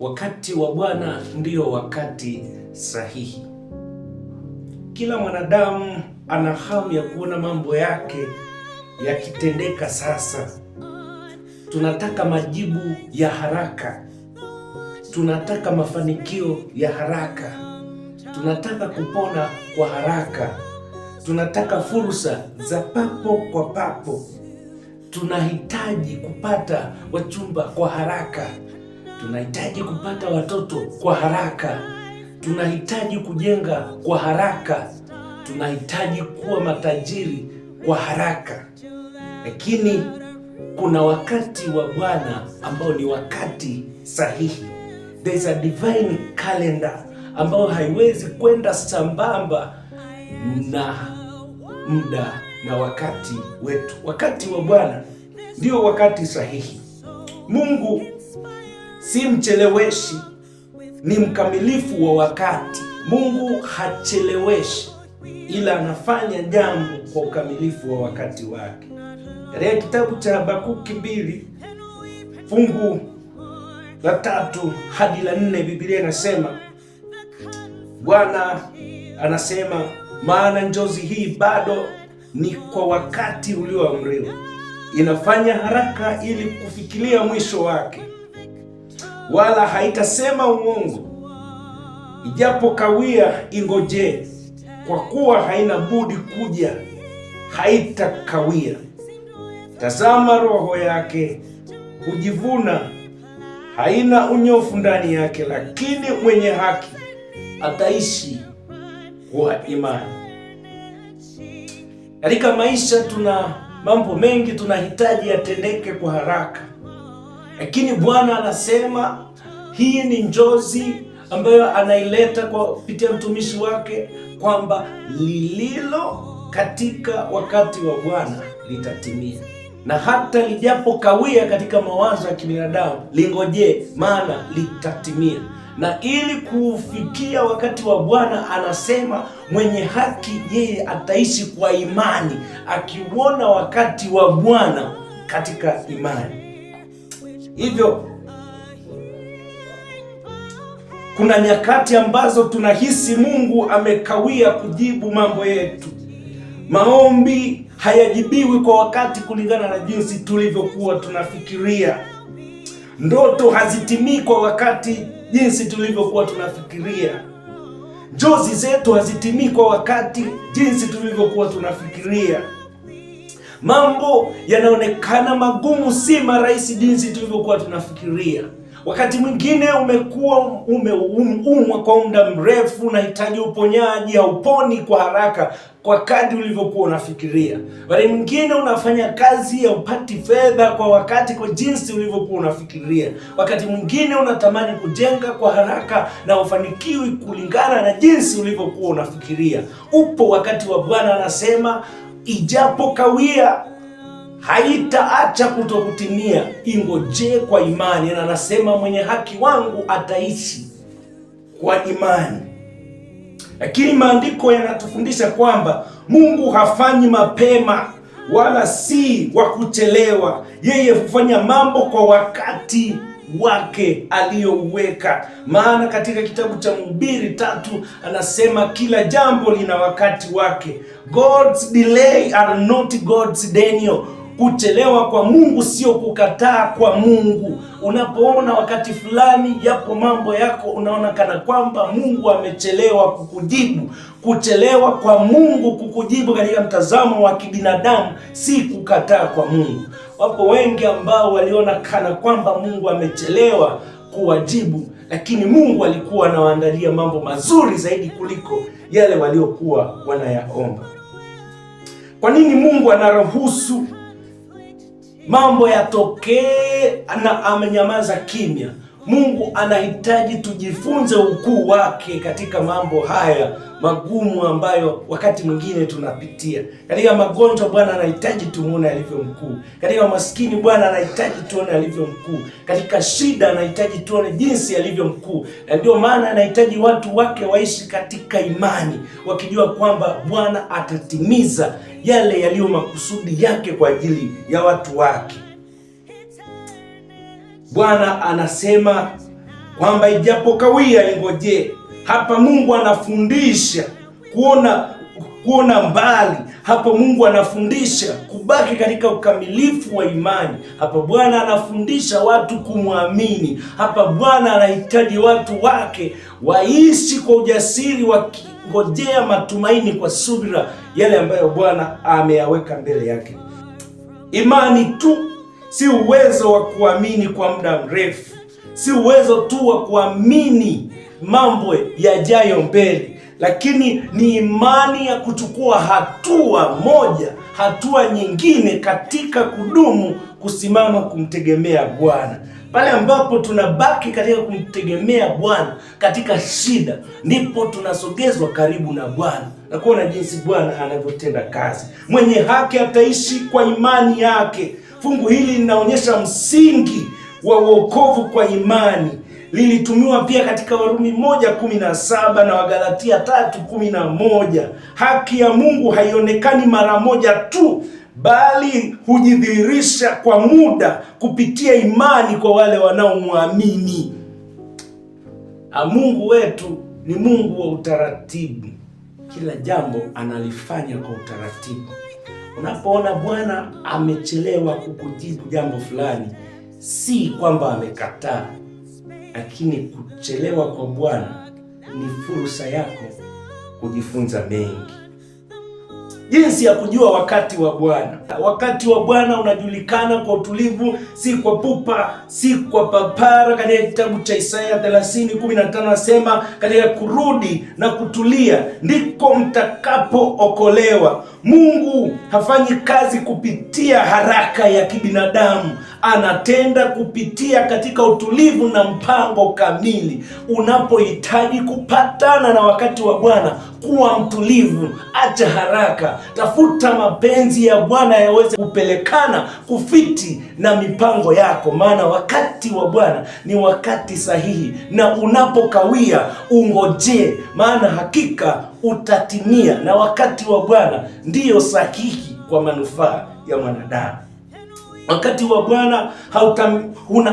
Wakati wa Bwana ndio wakati sahihi. Kila mwanadamu ana hamu ya kuona mambo yake yakitendeka sasa. Tunataka majibu ya haraka, tunataka mafanikio ya haraka, tunataka kupona kwa haraka, tunataka fursa za papo kwa papo, tunahitaji kupata wachumba kwa haraka. Tunahitaji kupata watoto kwa haraka, tunahitaji kujenga kwa haraka, tunahitaji kuwa matajiri kwa haraka, lakini kuna wakati wa Bwana ambao ni wakati sahihi. There is a divine calendar ambayo haiwezi kwenda sambamba na muda na wakati wetu. Wakati wa Bwana ndio wakati sahihi. Mungu si mcheleweshi, ni mkamilifu wa wakati. Mungu hacheleweshi, ila anafanya jambo kwa ukamilifu wa wakati wake. Katika kitabu cha Habakuki mbili fungu la tatu hadi la nne Biblia inasema Bwana anasema, maana njozi hii bado ni kwa wakati ulioamriwa, inafanya haraka ili kufikilia mwisho wake wala haitasema uongo. Ijapo kawia, ingojee, kwa kuwa haina budi kuja, haitakawia. Tazama, roho yake hujivuna, haina unyofu ndani yake, lakini mwenye haki ataishi kwa imani. Katika maisha tuna mambo mengi tunahitaji yatendeke kwa haraka lakini Bwana anasema hii ni njozi ambayo anaileta kwa kupitia mtumishi wake kwamba lililo katika wakati wa Bwana litatimia, na hata lijapokawia katika mawazo ya kibinadamu, lingojee, maana litatimia. Na ili kufikia wakati wa Bwana, anasema mwenye haki yeye ataishi kwa imani, akiuona wakati wa Bwana katika imani. Hivyo kuna nyakati ambazo tunahisi Mungu amekawia kujibu mambo yetu, maombi hayajibiwi kwa wakati kulingana na jinsi tulivyokuwa tunafikiria, ndoto hazitimii kwa wakati jinsi tulivyokuwa tunafikiria, njozi zetu hazitimii kwa wakati jinsi tulivyokuwa tunafikiria. Mambo yanaonekana magumu, si marahisi jinsi tulivyokuwa tunafikiria. Wakati mwingine umekuwa umeumwa um, kwa muda mrefu, unahitaji uponyaji, hauponi kwa haraka kwa kadri ulivyokuwa unafikiria. Wakati mwingine unafanya kazi, haupati fedha kwa wakati, kwa jinsi ulivyokuwa unafikiria. Wakati mwingine unatamani kujenga kwa haraka na ufanikiwi kulingana na jinsi ulivyokuwa unafikiria. Upo wakati wa Bwana anasema ijapo kawia haitaacha kutokutimia, ingoje kwa imani. Na anasema mwenye haki wangu ataishi kwa imani. Lakini maandiko yanatufundisha kwamba Mungu hafanyi mapema wala si wa kuchelewa. Yeye hufanya mambo kwa wakati wake aliyouweka. Maana katika kitabu cha Mhubiri tatu anasema kila jambo lina wakati wake. God's delay are not God's denial. Kuchelewa kwa Mungu sio kukataa kwa Mungu. Unapoona wakati fulani yapo mambo yako unaona kana kwamba Mungu amechelewa kukujibu, kuchelewa kwa Mungu kukujibu katika mtazamo wa kibinadamu si kukataa kwa Mungu. Wapo wengi ambao waliona kana kwamba Mungu amechelewa kuwajibu, lakini Mungu alikuwa anawaandalia mambo mazuri zaidi kuliko yale waliokuwa wanayaomba. Kwa nini Mungu anaruhusu mambo yatokee na amenyamaza kimya? Mungu anahitaji tujifunze ukuu wake katika mambo haya magumu ambayo wakati mwingine tunapitia. Katika magonjwa, Bwana anahitaji tumuone alivyo mkuu. Katika maskini, Bwana anahitaji tuone alivyo mkuu. Katika shida, anahitaji tuone jinsi alivyo mkuu, na ndio maana anahitaji watu wake waishi katika imani, wakijua kwamba Bwana atatimiza yale yaliyo makusudi yake kwa ajili ya watu wake. Bwana anasema kwamba ijapo kawia ingojee. Hapa Mungu anafundisha kuona kuona mbali. Hapa Mungu anafundisha kubaki katika ukamilifu wa imani. Hapa Bwana anafundisha watu kumwamini. Hapa Bwana anahitaji watu wake waishi kwa ujasiri, wakingojea matumaini kwa subira yale ambayo Bwana ameyaweka mbele yake. Imani tu si uwezo wa kuamini kwa muda mrefu, si uwezo tu wa kuamini mambo yajayo mbele, lakini ni imani ya kuchukua hatua moja, hatua nyingine katika kudumu, kusimama kumtegemea Bwana. Pale ambapo tunabaki katika kumtegemea Bwana katika shida, ndipo tunasogezwa karibu na Bwana na kuona jinsi Bwana anavyotenda kazi. Mwenye haki ataishi kwa imani yake. Fungu hili linaonyesha msingi wa wokovu kwa imani. Lilitumiwa pia katika Warumi moja kumi na saba na Wagalatia tatu kumi na moja. Haki ya Mungu haionekani mara moja tu bali hujidhihirisha kwa muda kupitia imani kwa wale wanaomwamini. Mungu wetu ni Mungu wa utaratibu, kila jambo analifanya kwa utaratibu. Unapoona Bwana amechelewa kukujibu jambo fulani, si kwamba amekataa, lakini kuchelewa kwa Bwana ni fursa yako kujifunza mengi. Jinsi ya kujua wakati wa Bwana. Wakati wa Bwana unajulikana kwa utulivu, si kwa pupa, si kwa papara. Katika kitabu cha Isaya 30:15 anasema, katika kurudi na kutulia ndiko mtakapookolewa. Mungu hafanyi kazi kupitia haraka ya kibinadamu anatenda kupitia katika utulivu na mpango kamili. Unapohitaji kupatana na wakati wa Bwana, kuwa mtulivu, acha haraka, tafuta mapenzi ya Bwana yaweze kupelekana kufiti na mipango yako, maana wakati wa Bwana ni wakati sahihi, na unapokawia ungojee, maana hakika utatimia, na wakati wa Bwana ndiyo sahihi kwa manufaa ya mwanadamu. Wakati wa Bwana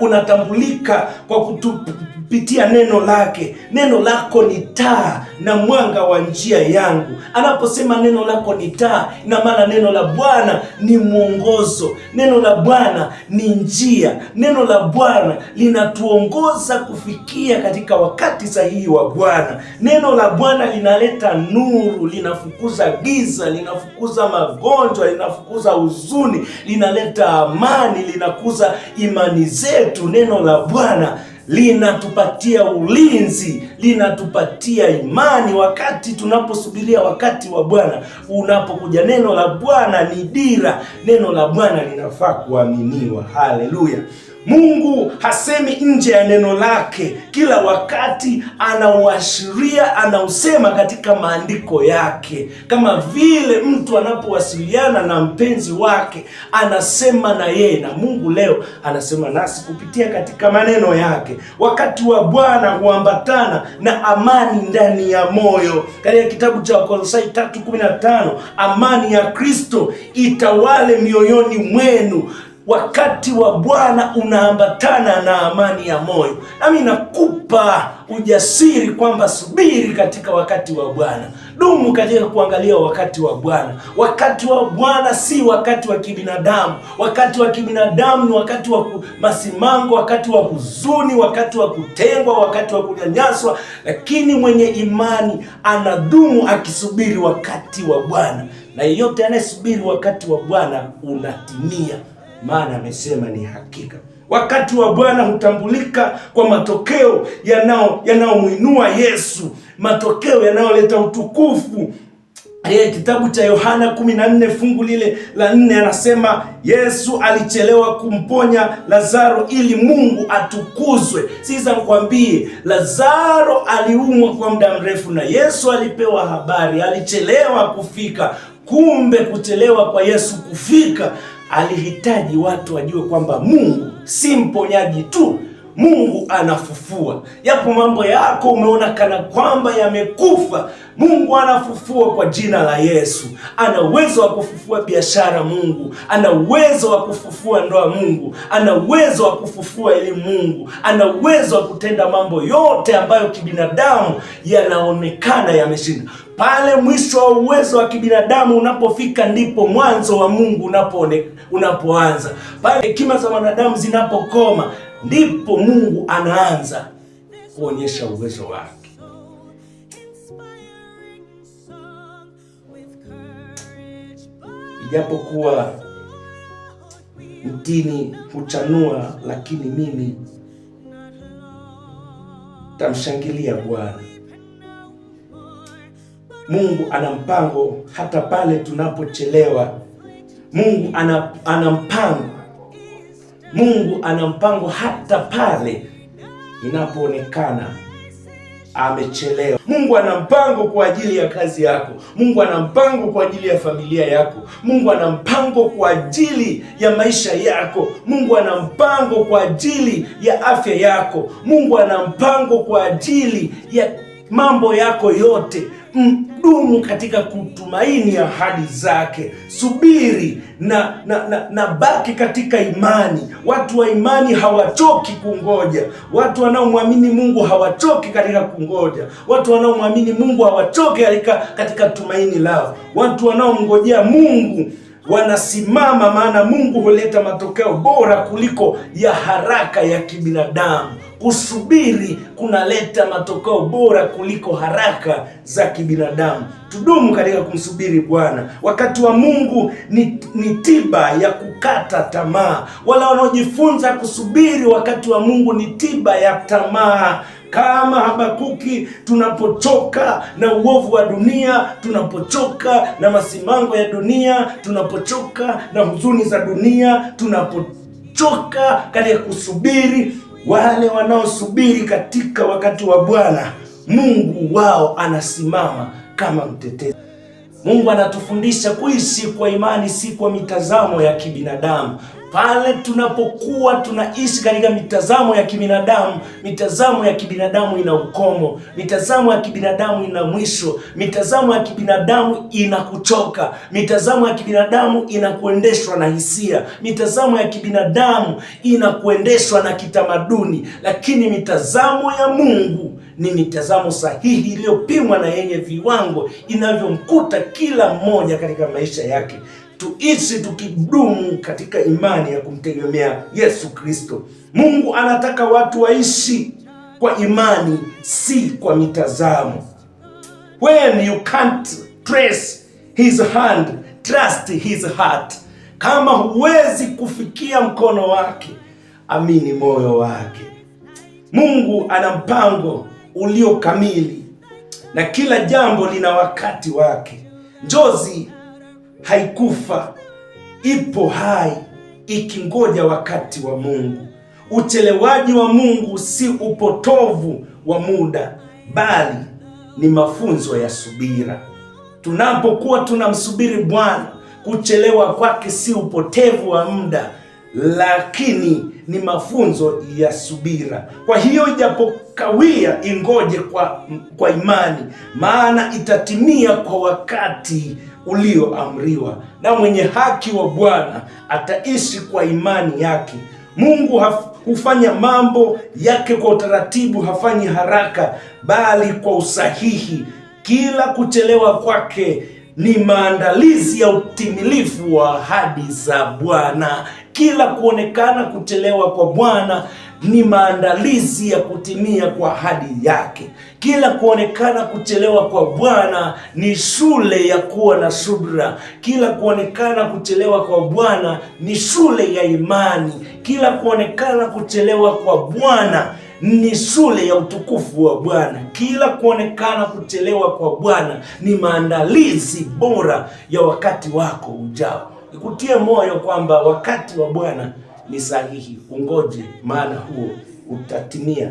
unatambulika kwa kutupitia neno lake. Neno lako ni taa na mwanga wa njia yangu. Anaposema neno lako ni taa, ina maana neno la Bwana ni mwongozo, neno la Bwana ni njia, neno la Bwana linatuongoza kufikia katika wakati sahihi wa Bwana. Neno la Bwana linaleta nuru, linafukuza giza, linafukuza magonjwa, linafukuza huzuni, linaleta amani, linakuza imani zetu. Neno la Bwana linatupatia ulinzi, linatupatia imani wakati tunaposubiria wakati wa Bwana unapokuja. Neno la Bwana ni dira, neno la Bwana linafaa kuaminiwa. Haleluya! Mungu hasemi nje ya neno lake, kila wakati anauashiria, anausema katika maandiko yake, kama vile mtu anapowasiliana na mpenzi wake anasema na yeye, na Mungu leo anasema nasi kupitia katika maneno yake. Wakati wa Bwana huambatana na amani ndani ya moyo. Katika kitabu cha Wakolosai 3:15, amani ya Kristo itawale mioyoni mwenu. Wakati wa Bwana unaambatana na amani ya moyo, nami nakupa ujasiri kwamba subiri katika wakati wa Bwana dumu katika kuangalia wakati wa Bwana. Wakati wa Bwana si wakati wa kibinadamu. Wakati wa kibinadamu ni wakati wa masimango, wakati wa huzuni, wakati wa kutengwa, wakati wa kunyanyaswa, lakini mwenye imani anadumu akisubiri wakati wa Bwana, na yeyote anayesubiri wakati wa Bwana unatimia, maana amesema ni hakika Wakati wa Bwana hutambulika kwa matokeo yanayomwinua Yesu matokeo yanayoleta utukufu. Ile eh, kitabu cha Yohana 14 fungu lile la nne anasema Yesu alichelewa kumponya Lazaro ili Mungu atukuzwe. Sasa nikwambie, Lazaro aliumwa kwa muda mrefu na Yesu alipewa habari, alichelewa kufika. Kumbe kuchelewa kwa Yesu kufika, alihitaji watu wajue kwamba Mungu si mponyaji tu Mungu anafufua, yapo mambo yako umeona kana kwamba yamekufa. Mungu anafufua kwa jina la Yesu. Ana uwezo wa kufufua biashara, Mungu ana uwezo wa kufufua ndoa, Mungu ana uwezo wa kufufua elimu, Mungu ana uwezo wa kutenda mambo yote ambayo kibinadamu yanaonekana yameshinda. Pale mwisho wa uwezo wa kibinadamu unapofika, ndipo mwanzo wa Mungu unapoanza. Pale hekima za wanadamu zinapokoma ndipo Mungu anaanza kuonyesha uwezo wake. Ijapokuwa mtini huchanua, lakini mimi tamshangilia Bwana. Mungu ana mpango hata pale tunapochelewa. Mungu ana, ana mpango Mungu ana mpango hata pale inapoonekana amechelewa. Mungu ana mpango kwa ajili ya kazi yako. Mungu ana mpango kwa ajili ya familia yako. Mungu ana mpango kwa ajili ya maisha yako. Mungu ana mpango kwa ajili ya afya yako. Mungu ana mpango kwa ajili ya mambo yako yote. Mdumu katika kutumaini ahadi zake. Subiri na, na, na, na baki katika imani. Watu wa imani hawachoki kungoja. Watu wanaomwamini Mungu hawachoki katika kungoja. Watu wanaomwamini Mungu hawachoki katika, katika tumaini lao. Watu wanaomngojea Mungu wanasimama, maana Mungu huleta matokeo bora kuliko ya haraka ya kibinadamu. Kusubiri kunaleta matokeo bora kuliko haraka za kibinadamu. Tudumu katika kumsubiri Bwana. Wakati wa Mungu ni, ni tiba ya kukata tamaa. wala wanaojifunza kusubiri wakati wa Mungu ni tiba ya tamaa kama Habakuki, tunapochoka na uovu wa dunia, tunapochoka na masimango ya dunia, tunapochoka na huzuni za dunia, tunapochoka katika kusubiri wale wanaosubiri katika wakati wa Bwana, Mungu wao anasimama kama mtetezi. Mungu anatufundisha kuishi kwa imani, si kwa mitazamo ya kibinadamu pale tunapokuwa tunaishi katika mitazamo ya kibinadamu, mitazamo ya kibinadamu ina ukomo, mitazamo ya kibinadamu ina mwisho, mitazamo ya kibinadamu ina kuchoka mitazamo ya kibinadamu inakuendeshwa na hisia, mitazamo ya kibinadamu inakuendeshwa na kitamaduni, lakini mitazamo ya Mungu ni mitazamo sahihi iliyopimwa na yenye viwango inavyomkuta kila mmoja katika maisha yake tuishi tukidumu katika imani ya kumtegemea Yesu Kristo. Mungu anataka watu waishi kwa imani, si kwa mitazamo. When you can't trace his hand, trust his heart. Kama huwezi kufikia mkono wake, amini moyo wake. Mungu ana mpango ulio kamili na kila jambo lina wakati wake. Njozi haikufa, ipo hai ikingoja wakati wa Mungu. Uchelewaji wa Mungu si upotovu wa muda, bali ni mafunzo ya subira. Tunapokuwa tunamsubiri Bwana, kuchelewa kwake si upotevu wa muda, lakini ni mafunzo ya subira. Kwa hiyo ijapokawia, ingoje kwa, kwa imani, maana itatimia kwa wakati ulioamriwa, na mwenye haki wa Bwana ataishi kwa imani yake. Mungu hufanya mambo yake kwa utaratibu, hafanyi haraka, bali kwa usahihi. Kila kuchelewa kwake ni maandalizi ya utimilifu wa ahadi za Bwana. Kila kuonekana kuchelewa kwa Bwana ni maandalizi ya kutimia kwa ahadi yake. Kila kuonekana kuchelewa kwa Bwana ni shule ya kuwa na subra. Kila kuonekana kuchelewa kwa Bwana ni shule ya imani. Kila kuonekana kuchelewa kwa Bwana ni shule ya utukufu wa Bwana. Kila kuonekana kuchelewa kwa Bwana ni maandalizi bora ya wakati wako ujao. Nikutie moyo kwamba wakati wa Bwana ni sahihi. Ungoje, maana huo utatimia.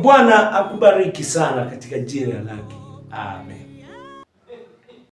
Bwana akubariki sana katika jina lake. Amen.